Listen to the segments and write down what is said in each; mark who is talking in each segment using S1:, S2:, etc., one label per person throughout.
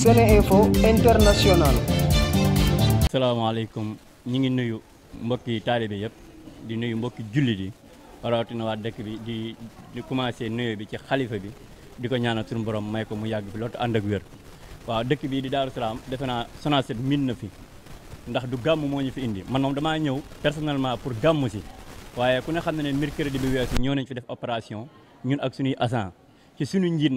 S1: Sene Info International. salaamaaleykum ñu ngi nuyu mbokki taalibe yëpp di nuyu mbokki jullit yi rawatina waa dëkk bi di di commencé nuyu bi ci xalifa bi di ko ñaanal suñu borom may ko mu yàgg fi loolu ànd ak wér. waaw dëkk bii di Daaru Salaam defe naa Sonacet min na fi ndax du gàmm moo ñu fi indi man moom damaa ñëw personnellement pour gàmm si waaye ku ne xam ne ne mercredi bi weesu ñëw nañ fi def opération ñun ak suñuy agent ci suñu njiit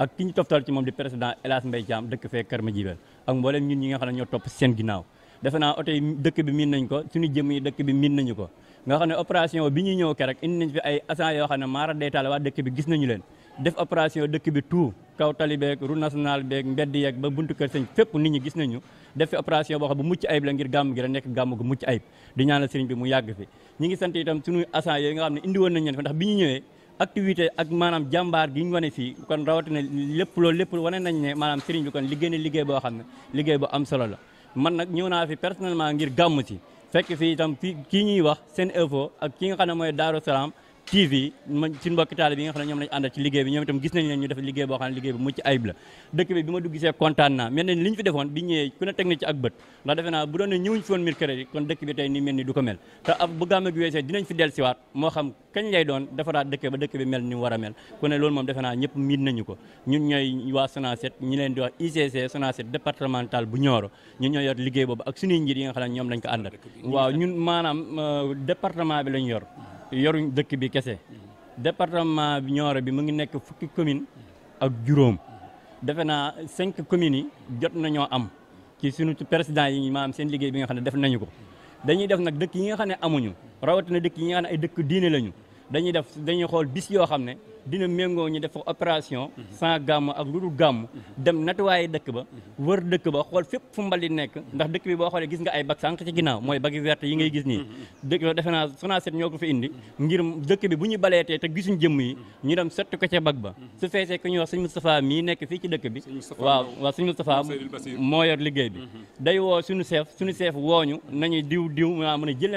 S1: ak ki ñu toftal ci moom di président El Hadj Mbaye Thiam dëkk fee Kër Madiabel ak mboolem ñun ñi nga xam ne ñoo topp seen ginnaaw defe naa oto dëkk bi miin nañ ko suñu jëm yi dëkk bi miin nañu ko nga xam ne opération bi ñuy ñëw kerek indi nañ fi ay ne maara deytaale waa dëkk bi gis nañu leen def opération dëkk bi tout kaw ba buntu kër sëñ fépp nit gis nañu def fi opération boo xam bu mucc ayib la ngir gàmm gi la nekk gàmm gu mucc ayib di ñaanal sëriñ bi mu yàgg fi ñi ngi sant itam suñu agents yooyu nga xam ne indi nañ leen fi ndax bi ñu ñëwee activité ak maanaam jàmbaar gi ñu wane fii kon rawatina lépp loolu lépp wane nañ ne maanaam sëriñ bi kon liggéey na liggéey boo xam ne liggéey bu am solo la man nag ñëw naa fi personnellement ngir gàmm si fekk fii itam fii kii ñuy wax seen info ak ki nga xam ne mooy Daaru Salaam TV man ci mbokki taale bi nga xam ne ñoom lañu àndal ci liggéey bi ñoom itam gis nañ leen ñu def liggéey boo doon ne ñëwuñ fi woon mille crédit kon dëkk bi tey du ko mel te ab bu gàmm gi weesee dinañ fi dellusiwaat moo xam kañ lay doon defaraat a mel ku ne loolu moom defe naa ñëpp ko ñun ñooy waa SONACED ñi leen di wax ICC SONACED départemental bu Nioro ñun ñooy liggéey boobu ak suñuy njiit yi nga xam ne ñoom lañ ko àndal waaw ñun maanaam euh, département bi lañ yor yoruñ dëkk bi kese département Nioro bi mu ngi nekk fukki commune ak juróom defe naa cinq communes yi jot nañoo am ci sunu président yi maam seen liggéey bi nga xam ne def nañu ko dañuy def nag dëkk yi nga xam ne amuñu na dëkk yi nga xam ne ay dëkk diine lañu dañuy def dañuy xool bis yoo xam ne dina méngoo ñu def opération. sans gàmm ak lu dul gàmm. dem nettoyé dëkk ba. wër dëkk ba xool fépp fu mbalit nekk. ndax dëkk bi boo xoolee gis nga ay bag san ci ginnaaw mooy bagi verte yi ngay gis nii. dëkk defe naa Sonacet ñoo ko fi indi. ngir dëkk bi bu ñu baleetee te gisuñ jëmm yi. ñu dem sotti ko ca bag ba. su feesee ku ñuy nekk fii ci dëkk bi. waaw waaw sëñ Moustapha moo yor liggéey bi. Mm-hmm. day woo suñu chef suñu chef wooñu nañu diw diw maa mën a jël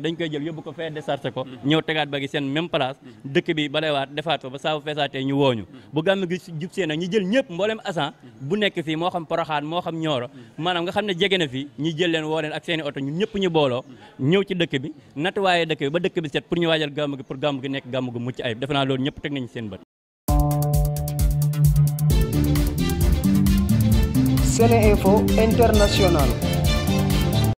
S1: leen ko mm-hmm. ñëw tegaat bagi seen même place dëkk bi waat defaat ko ba saabu feesaatee ñu wooñu mm-hmm. bu gàmm gi jub see nag ñu jël ñëpp mbooleem asan bu nekk fii moo xam poroxaan moo xam ñooro mm-hmm. maanaam nga xam ne jege na fii ñu jël leen woo leen ak seen i oto ñun ñëpp ñu booloo mm-hmm. ñëw ci dëkk bi natuwaayee dëkk bi ba dëkk bi set pour ñu waajal gàmm gi pour gàmm gi nekk gàmm gu mucc ayib defe naa loolu ñëpp teg nañu seen bët